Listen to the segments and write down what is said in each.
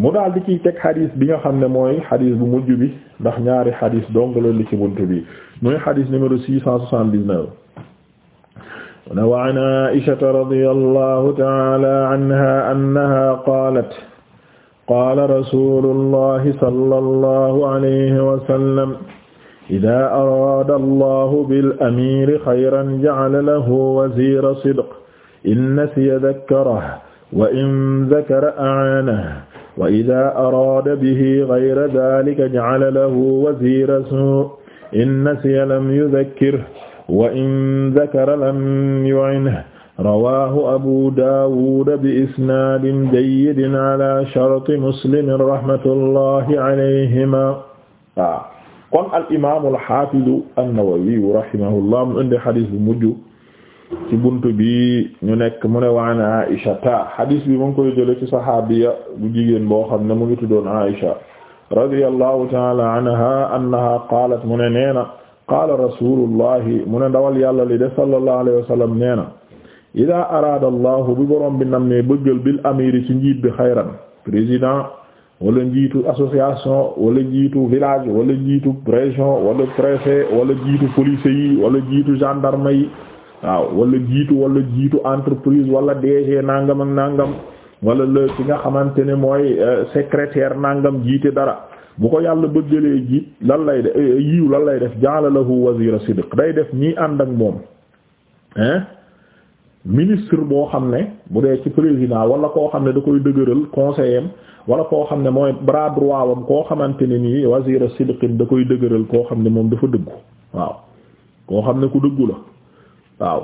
mu daal di ciy teg xadis bi nga xam ne mooy xadis bu mujj bi ndax ñaari xadis dong la li ci buntu bi mooy xadis numéro six cent soixante-dix-neuf ne wa an aishata radiyallahu ta'ala anha annaha qalat qala rasulullahi sallallahu alayhi wa sallam ida arada allahu bil amiri xayran ja'ala lahu wazira sidq in nasiya dhakkarahu wa in dhakara a'anahu wa idaa araada bihi gayra daalika jacala lahu waziiran in nasiya lam yudakkirhu wa in dakara lam yu'inhu rawaahu abu daawuda bi isnaadin jayyidin alaa sharti muslimin rahmatullahi alayhimaa. kon al imaamul haafidu an-nawawi rahimahullah mu indi hadiis bu mujj. ci bunt bi ñu nekk mu ne waan Aisha ta hadis bi mu ngi koy jële ci saxaabiya bu jigéen boo xam ne mu ngi tuddoon Aisha radiyallahu taala anha annaha qaalat mu ne nee na qaala rasulullahi mu ne ndawal yàlla li de sallallahu alayhi wa sallam nee na ida araada allahu bi borom bi nam ne bëggal bil amiri ci njiit bi xayran président wala njiitu association wala njiitu village wala njiitu région wala préfet wala njiitu police yi wala njiitu gendarme yi waaw walla jiitu wala jiitu entreprise wala DG nangam ak nangam wala la ci nga xamante ne mooy euh, secrétaire nangam jiite dara bu ko yàlla bëggalee jiit lan lay def euh, yiw lan lay def ja'ala lahu wazira day def ñii ànd ak moom hein ministre boo xam ne bu dee ci président wala koo xam ne da koy dëgëral conseil am wala koo xam ne mooy bras droit koo xamante ne nii wazira sidqin da koy dëgëral koo xam ne moom dafa dëggu waaw koo xam ne ku dëggu la waaw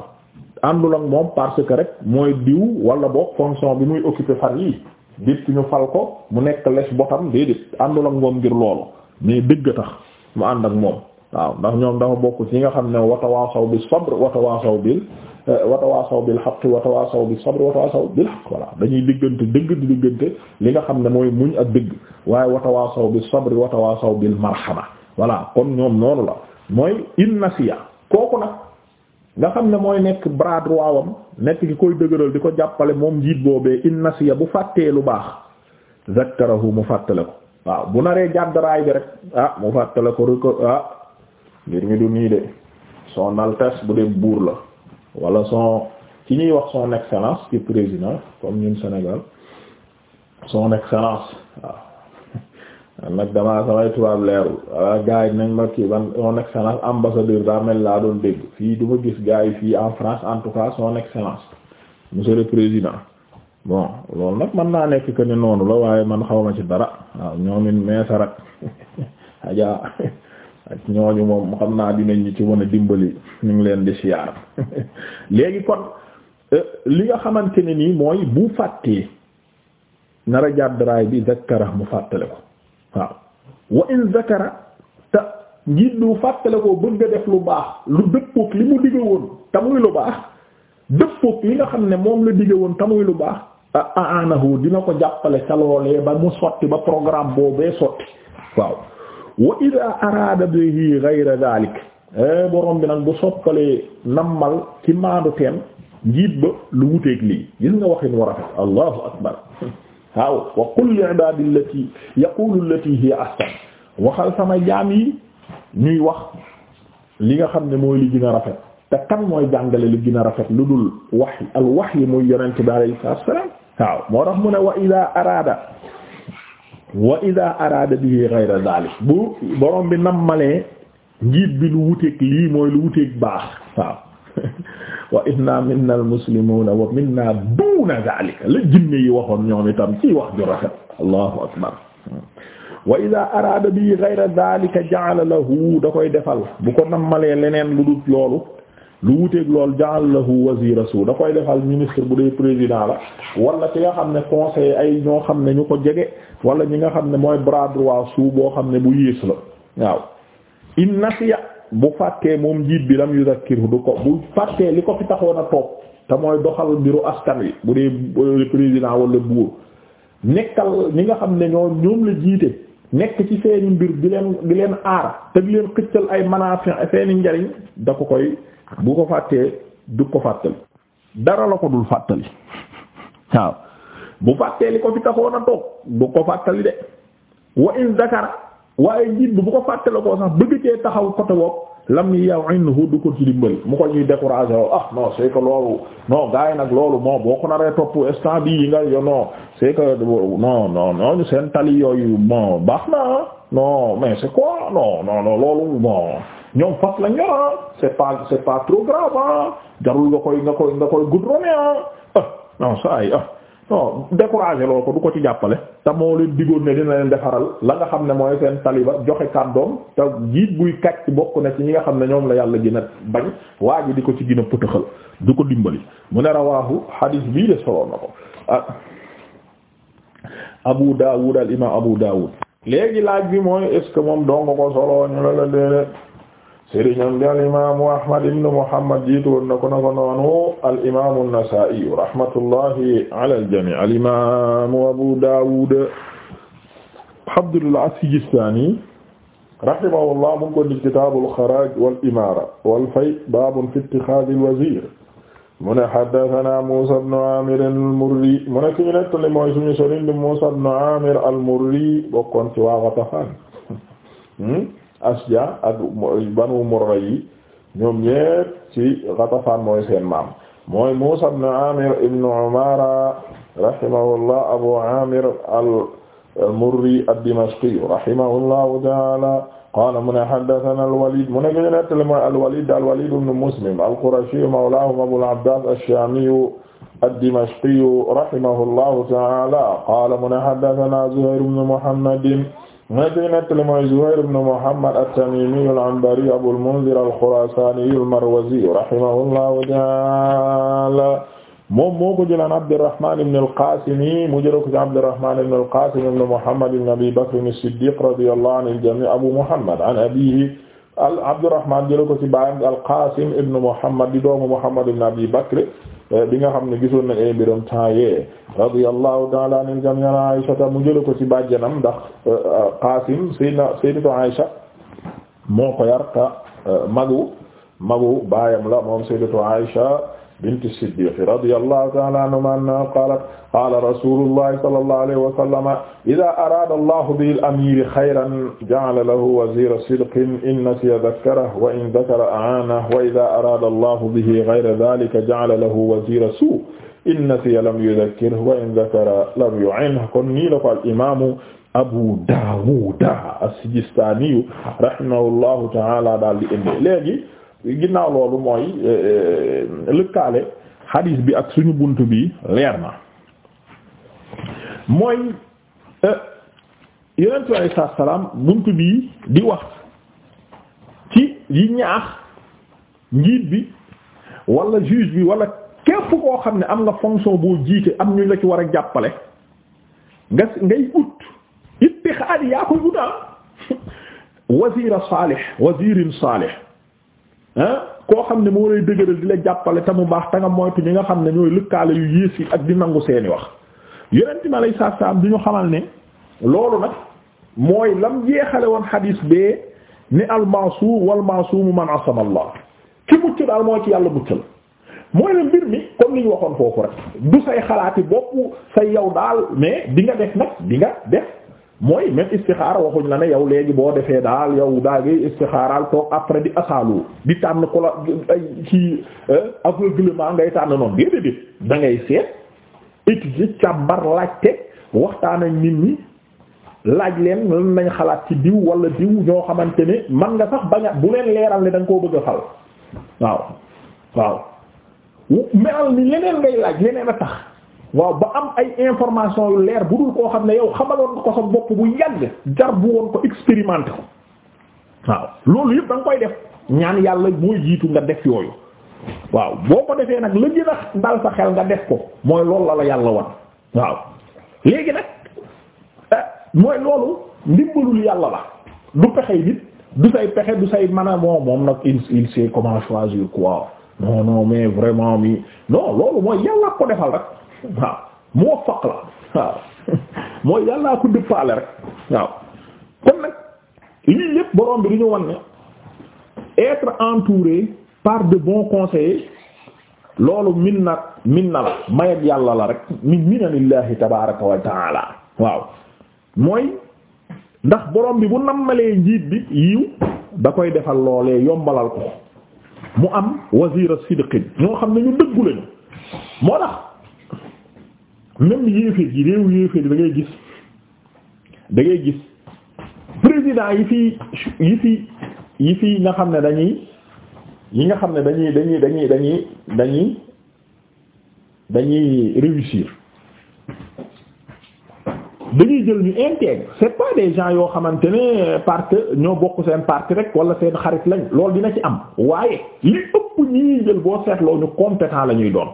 àndul ak moom parce que rek mooy diw wala boog fonction bi muy occupé fan yii dit ñu fal ko mu nekk les botam déedéet àndul ak moom ngir loolu mais dëgg tax mu ànd ak moom waaw ndax ñoom dafa bokk yi nga xam ne watawaasaw bis sabr watawaasaw bil eh, watawaasaw bil haqq watawaasaw bis sabr watawaasaw bil haqq voilà dañuy diggante dëgg di diggante li nga xam ne mooy muñ ak dëgg waaye watawaasaw bis sabr watawaasaw bi marhama voilà kon ñoom noonu la mooy in nasiya kooku nag nga xam ne mooy nekk bras droit wam nekk ki koy dëgëral di ko jàppale moom njiit boobee in bu fàttee lu baax zakkarahu mu fàttale ko waaw bu naree jàdd bi rek ah mu fàttale ko rek ah ngir mi du nii de son altesse bu dee buur la wala son ci ñuy wax son excellence ci président comme ñun Sénégal son excellence waaw nag damaa samay tubaab leerul wala yi nañ ma kii ban son excellence ambassadeur daa mel laa doon dégg fii du ma gis gaa yi fii en France en tout cas son excellence monsieur le président bon loolu nag mën naa nekk que ne noonu la waaye man xaw ma ci dara waaw ñoomin meesarak ajaa ak ñooñu moom xam naa dinañ ñu ci wan a dimbali ñu ngi leen di siyaar léegi kon euh, li nga xamante ne nii mooy bu fàttee nara jàdd raay bi zakkara mu fàttale ko waaw wa in zakara te njiit lu fàttale koo bëgg a def lu baax lu dëppook li mu digg woon te muy lu baax dëppook li nga xam ne moom la digg woon te muy lu baax a aanahu dina ko jàppale ca ba mu sotti ba programme boobee sotti waaw wa ida araada bihi ghayra dhalik eh, borom bi nag bu soppalee nammal ci maandu teen njiit ba lu wuteeg lii gis nga waxin war allahu akbar waaw wa qul li ibadi allati yaqulu allati hiya ahsan waxal sama jaam yi ñuy wax li nga xam ne mooy li gën a rafet te kan mooy jàngale li gën a rafet lu dul waxyi al waxyi muy yonente bi alayhi salaam waaw moo tax mu ne wa ida araada wa ida araada bihi ghayra zalik bu borom bi nammalee njiit bi lu wuteeg lii mooy lu wuteeg baax waaw wa inna minna almuslimuuna wa minna duuna zaalika la jinne yi waxoon ñoom itam ci wax ju rafet allahu akbar wa ida araada bi gayra zaalika ja'ala lahu da koy defal bu ko nammalee leneen lu dul loolu lu wuteeg lool ja'ala lahu wazira su da koy defal ministre bu dee président la wala ci nga xam ne conseiller ay ñoo xam ne ñu ko jege wala ñi nga xam ne mooy bras droit su boo xam ne bu yiis la waaw in nasiya bu fàttee moom njiit bi lam yuzakkiru du ko bu fàttee li ko fi taxoon a toog te mooy doxal mbiru askan wi bu dee président wala buur nekkal ñi nga xam ne ñoo ñoom la jiite nekk ci seeni mbir di leen di leen aar te leen xëccal ay manaafi seeni njariñ da ko koy bu ko fàttee du ko fàttali dara la ko dul fàttali waaw bu fàttee li ko fi taxoon a toog du ko fàttali de wa in zakara waaye njiit bi bu ko fàttale koo sax bëgg cee taxaw côté bopp lam ya'inhu du ko ci dimbali mu ko ñuy découragé woo ah non c'est que loolu non gars yi nag loolu moo boo ko naree topp instant bi yi nga yo non c'est que non non non seen tali yooyu bon baax na non mais c'est quoi non non non loolu bon ñoom fas la ñora ah, c'est pas c'est pas trop ah, jarul nga koy nga koy nga koy goudronné ah ah non ça ah non découragé loo ko du ko ci jàppale te moo leen digoon ne dina leen defaral la nga xam ne mooy seen taliba joxe kàddoom te jiit buy kàcc bokk na ci ñi nga xam ne ñoom la yàlla gën a bañ waa ji di ko ci gën a pëtëxal du ko dimbali mu ne rawaahu hadis bii de soloon na ko ah Abu Dawud al imam Abu Dawud léegi laaj bi mooy est moom dong ko solo ñu la la déedéet sëriñam bi alimamu ahmad ibnu muhammad jiitu woon na ko na ko noonu alimamu an-Nasaa'i rahmatullahi ala al-jamii' alimamu Abu Daawud Abdullah as-Sijistaani rahimahullah mu ngi ko ndi kitaabul xaraaj wal imaara wal fay baabun fi ittixaazil waziir mu ne haddasanaa Muusaa ibnu Aamir al-Murri mu ne ki ñu nettali mooy suñu sëriñ bi Muusaa ibnu Aamir al-Murri bokkoon ci waa Gatafaan hmm? Asja ak Banu Murra yi ñoom ñépp ci Ghatafan mooy seen maam mooy Muusa ibn Amir ibn Umara rahimahullah Abu Amir al-Murri ad-Dimashqi rahimahullahu ta'ala qaala mu ne haddathana al-Walid mu ne ñu nettali mooy al-Walid al-Walid ibn Muslim al-Qurashi mawlaahum Abul Abbas ash-Shami ad-Dimashqi rahimahullahu ta'ala qaala mu ne haddathana Zuhayr ibn Muhammad ma ci nettali mooy Zuhayr ibn Muhammad at-Tamimi al-Anbari Abu al-Munzir al-Khurasani al-Marwazi rahimahullahu ta'ala moom moo ko jëlaan Abdurrahman ibn al-Qasim mu jël ko ci Abdurrahman ibn al-Qasim ibn Muhammad ibn Abi Bakr as-Siddiq radiyallahu anil jami' Abu Muhammad an abihi al Abdurrahman jëla ko ci baayam al Qasim ibn Muhammad di doomu Muhammad ibn Abi Bakr eh, bi nga xam ne gisoon na ay mbiram temps yee radiyallahu ta'ala anil jami' Aisha mu jëla ko ci bàjjanam ndax eh, Qasim sayyidina sayyidatu Aisha moo ko yar eh, magu magu baayam la moom sayyidatu Aisha binti Siddiq radiyallahu ta'ala anhuma annaha qalat qala rasulullahi sallallahu alayhi wa sallam idha arada allahu bil amiri khayran ja'ala lahu wazira sidqin in nasiya dhakkarahu wa in dhakara a'anahu wa idha arada allahu bihi ghayra dhalika ja'ala lahu wazira su' in nasiya lam yudhakkirhu wa in dhakara lam yu'inhu kon nii la ko al imamu Abu Dawud as-Sijistani rahimahullahu ta'ala daal di indi léegi ginnaaw loolu mooy euh, euh, lëkkaale xadiis bi ak suñu bunt bi leer na mooy euh, yonent bi alayhi bunt bi di wax ci yi ñaax njiit bi wala juge bi wala képp koo xam ne am na fonction boo jiite am ñu la ci war a jàppale nga ngay ut ittixaad yaa koy utaa ah. wazira saalih koo xam ne moo lay dëgëral di la jàppale te mu baax te nga moytu ñi nga xam ne ñooy lëkkaale yu yées yi ak di nangu seeni wax yeneen mi alay saa saam di ñu xamal ne loolu nag mooy lam jeexale woon xadiis bee ni almaasuum walmaasuumu man asama allah ki mucc daal moo ci yàlla muccal mooy ne mbir mi comme li ñu waxoon foofu rek du say xalaati bopp say yow daal mais di nga def nag di nga def mooy même istixaara waxuñ la ne yow léegi boo defee daal yow daal ngay istixaaral toog après di asaalu di tànn ko la ay ci euh, aveuglement ngay tànn noonu déedéet da ngay seet étudier càmbar laajte waxtaan ak nit ñi laaj leen lan nañ xalaat ci diw wala diw ñoo xamante ne man nga sax bañ bu leen leeral ne da nga bëgg a fal waaw waaw melal ni leneen ngay laaj leneen a tax waaw ba am ay information yu leer bu dul koo xam ne yow xamaloon nga ko sa bopp bu yàgg jar bu woon ko expérimenté ko waaw loolu yëpp da nga koy def ñaan yàlla mooy jiitu nga def yooyu waaw boo ko defee nag la gën a dal sa xel nga def ko mooy loolu la la yàlla wan waaw léegi nag eh, mooy loolu ndimbalul yàlla la du pexe nit du say pexe du say mën a moom nag il il sait comment choisir quoi non non mais vraiment mi non loolu mooy yàlla ko defal rek waaw muwaffaq la waaw mooy yàllaa ko dëppaale rek waaw kon nag lii lépp borom bi du ñu wan ne entouré par de bons conseillers loolu min na min la mayet yàlla la rek min minanillahi tabaraka wa taala waaw mooy ndax borom bi bu nammalee njiit bi yiw da koy defal loolee yombalal ko mu am wazira sidqin ñoo xam ne ñu dëggu lañu moo tax même yéeféer yi réewu yéeféer yi da gis da ngay gis président yi fi yi fi yi fi nga xam ne dañuy yi nga xam ne dañuy dañuy dañuy dañuy dañuy dañuy réussir dañuy jël ñu intègre c'est pas des gens yoo xamante ne parce que ñoo bokk seen parti rek wala seen xarit lañ loolu dina ci am waaye li ëpp ñi ñuy jël boo seetloo ñu compétent la ñuy doon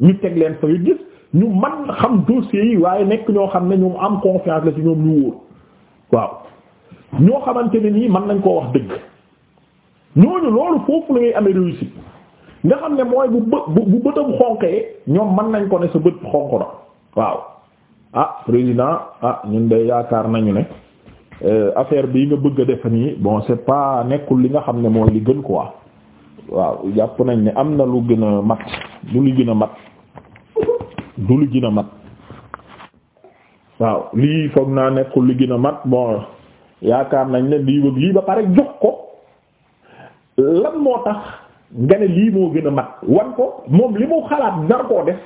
ñu teg leen fa yu gis ñu man xam dossiers yi waaye nekk ñoo xam ne ñu am confiance la ci ñoom ñu wóor waaw ñoo xamante ne nii mën nañ koo wax dëgg ñooñu loolu foofu la ngay amee réussite nga xam ne mooy bu bë bu bëtam xonqee ñoom mën nañ ko ne sa bët xonq na waaw ah président ah ñun de yaakaar nañu ne euh, affaire bii nga bëgg a def bon c'est pas nekkul li nga xam ne mooy li gën quoi waaw jàpp nañ ne am na lu gën a mat lu li gën a mat du li gën mat waaw lii foog naa nekkul li gën a mat bon yaakaar nañ ne lii ba pare jox ko lan moo tax nga ne lii moo gën a mat wan ko moom li mu xalaat nar koo def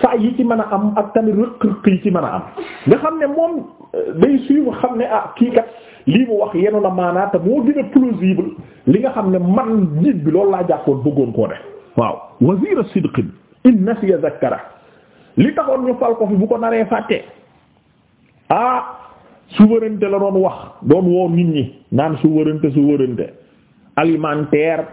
saa yi ci mën a am ak tamit rëq-rëq yi ci mën a am nga xam ne moom euh, day suivre xam ne ah kii kat lii mu wax yenu na maanaam moo gën a plausible li nga xam ne man njiit bi lool laa jàppoon bëggoon koo def waaw wazira sidqin in nasiya zakkara li taxoon ñu fal ko fi bu ko naree fàtte ah souveraineté la doon wax doon woo nit ñi naan souveraineté souveraineté alimentaire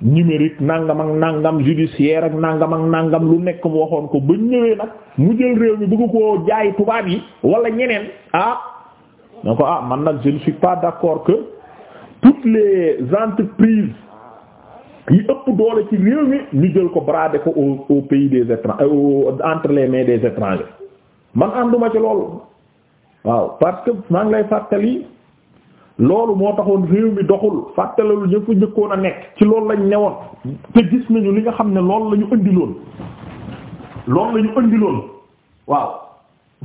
numérique nangam ak nangam judiciaire ak nangam ak nangam lu nekk mu waxoon ko ba ñëwee nag mu jël réew mi bëgg ko jaay tubaab yi wala ñeneen ah na ko ah man nag je ne suis pas d'accord que toutes les entreprises yi ëpp doole ci réew mi ñu jël ko brader ko au au pays des étrangers euh, entre les mains des étrangers man ànduma ci loolu waaw parce que maa ngi lay fàttali loolu moo taxoon réew mi doxul fàttalalu ñëpp njëkkoon a nekk ci loolu lañ newoon te gis nañu li nga xam ne lool lañu ñu indiloon lañu la waaw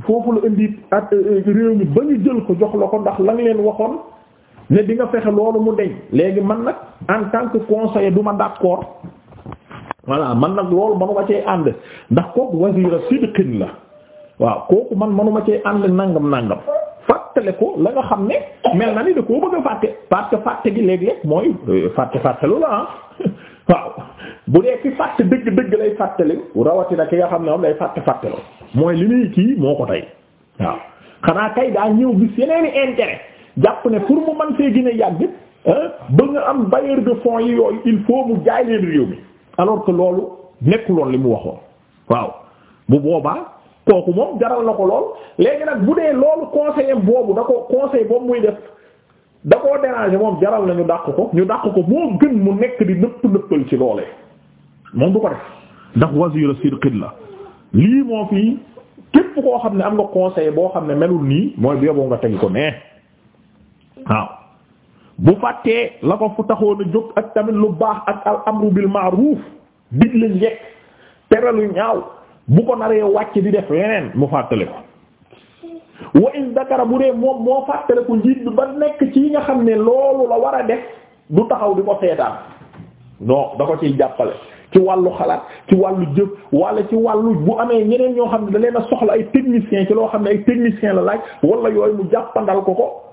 foofu la indi at euh, réew mi ba ñu jël ko jox la ko ndax la nga leen waxoon. ne di nga fexe loolu mu deñ léegi man nag en tant que conseiller du ma d'accord voilà man nag loolu manuma cee ànd ndax kooku wasiira sidqin la waaw kooku man manuma cee ànd nangam nangam fàttale ko la nga xam ne mel na ni da koo bëgg a fàtte parce que fàtte gi léeg-léeg mooy euh, fàtte fàttelu la ah waaw bu dee ki fàtte dëgg dëgg lay fàttali rawatina ki nga xam ne moom lay fàtte fàtteloo mooy li muy kii moo ko tey waaw xanaa kay daa ñëw gis yeneen i jàpp ne pour mu man fee gën a yàgg ba nga am bailleur de fonds yi yooyu il faut mu jaay leen réew mi alors que loolu nekkuloon li mu waxoon waaw bu boobaa kooku moom jaral na ko lool léegi nag bu dee loolu conseiller boobu da ko conseil boobu muy def da koo déranger moom jaral na ñu dàq ko ñu dàq ko moo gën mu nekk di nëpp nëppal ci loolee moom du ko def ndax wasiru sirqin la lii moo fii képp koo xam ne am nga conseil boo xam ne melul nii mooy bu yoboo nga ko nee waaw bu fàttee la ko fu taxoon a jóg ak tamit lu baax ak al amru bil ma'ruf digle njekk tere lu ñaaw bu ko naree wàcc di def yeneen mu fàttale ko wa in dakara bu dee moom moo fàttale ko njiit bi ba nekk ci yi nga xam ne loolu la war a def du taxaw di ko seetaan non da ko ciy jàppale ci wàllu xalaat ci wàllu jëf wala ci wàllu bu amee ñeneen ñoo xam ne da leen a soxla ay technicien ci loo xam ne ay technicien la laaj wala yooyu mu jàppandal ko ko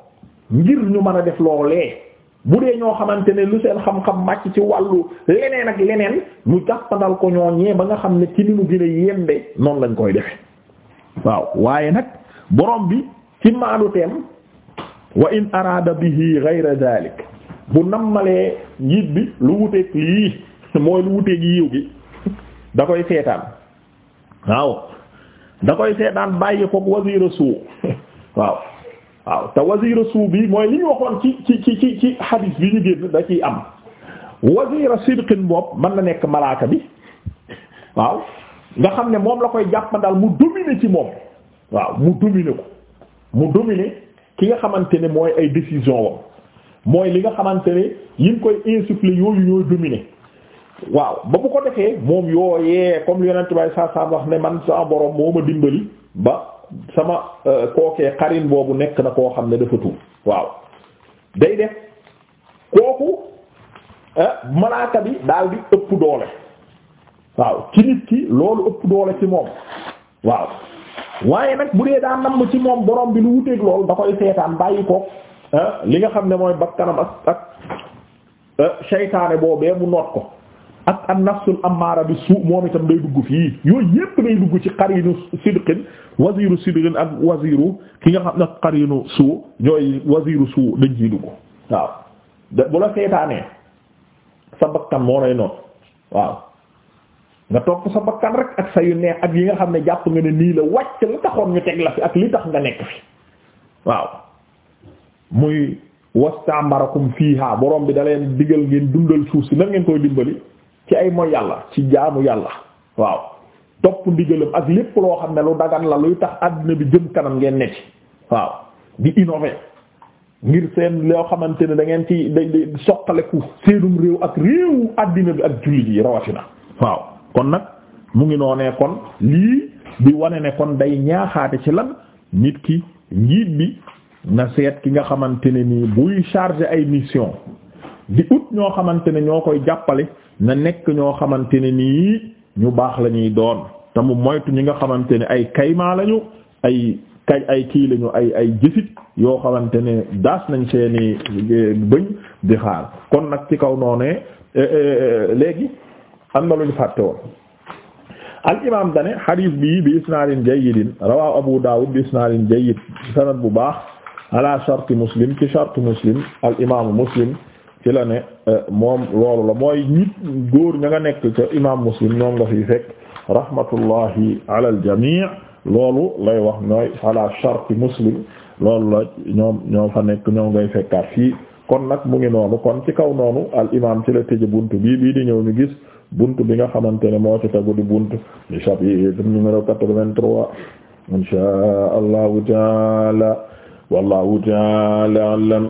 ngir ñu man a def loolee bu dee ñoo xamante ne lu seen xam-xam màcc ci wàllu leneen ak leneen mu jàppandal ko ñooñee ba nga xam ne ci ni mu gën a yembe noonu lañ koy defe waaw waaye nag borom bi ci maadu teem wa in araada bihi ghayra dhalik bu nammalee njiit bi lu wuteeg lii mooy lu wuteeg yiw gi da koy seetaan waaw da koy seetaan bàyyi koog wasiira suu waaw waaw te wazira suub bi mooy li ñu waxoon ci ci ci ci ci xadiis bi ñu génn da ciy am wazira sidqin bopp mën na nekk malaaka bi waaw nga xam ne moom la koy jàppandal mu dominer ci moom waaw mu dominer ko mu dominer ki nga xamante ne mooy ay décision wam mooy li nga xamante ne yi mu koy insuffler yooyu ñooy dominer waaw ba bu ko defee moom yooyee comme li yonent bay saa saa wax ne man sa borom moo ma dimbali ba sama euh, kookee xarin boobu nekk na koo xam ne dafa tuub waaw day def kooku euh, malaaka bi daal di ëpp doole waaw ci nit ki loolu ëpp doole ci moom waaw waaye nag bu dee daa namm ci moom borom bi lu wuteeg loolu da koy seetaan bàyyi ko euh, li nga xam ne mooy bakkanam ak ak seytaane boobee mu noot ko ak an nafsul ammaara bi suu moom itam day dugg fii yooyu yépp day dugg ci qarinu sidqin waziru sidqin ak waziru ki nga xam ne qarinu suu ñooy waziru suu dañ ciy dugg waaw bu la seetaanee sa bakkan moo lay noonu waaw nga topp sa bakkan rek ak sa yu neex ak yi nga xam ne jàpp nga ne nii la wàcc la taxoon ñu teg la fi ak li tax nga nekk fi waaw muy wastaamarakum fiiha borom bi da leen digal ngeen dundal suuf si nan ngeen koy dimbali ci ay mooy yàlla ci jaamu yàlla waaw topp ndigalam ak lépp loo xam ne lu dagan la luy tax àddina bi jëm kanam ngeen ne waaw di innover ngir seen loo xamante ne da ngeen ci soqaleku seenum réew ak réewu àddina bi ak jullit yi rawatina waaw kon nag mu ngi noonee kon lii bi wane ne kon day ñaaxaate ci lan nit ki njiit bi na seet ki nga xamante ne nii buy charger ay mission di ut ñoo xamante ne ñoo koy jàppale na nekk ñoo xamante ne nii ñu baax la ñuy doon te moytu ñi nga xamante ne ay kaymaa lañu ay kay ay kii lañu ay ay jëfit yoo xamante ne daas nañ seeni eh, bëñ di xaal kon nag ci kaw noone eh, eh, léegi am na lu ñu fàtte woon al imam dane hadith bi bi isnaadin jayyidin rawahu abu dawud bi isnaadin jayyid sanad bu baax ala sharti muslim ci sharti muslim al imaamu muslim ci la ne euh, moom loolu la mooy nit góor ña nga nekk ca imam muslim ñoom nga fi fekk rahmatullahi ala al jami' loolu lay wax ñooy ala sharti muslim loolu la ñoom ñoo fa nekk ñoom ngay fekkaat fii kon nag mu ngi noonu kon ci kaw noonu al imaam ci la tëje bunt bii bii di ñëw ñu gis bunt bi nga xamante ne moo ci tegu di bunt di chapitre numéro quatre-vingt-trois insha allahu taala wallahu taala alam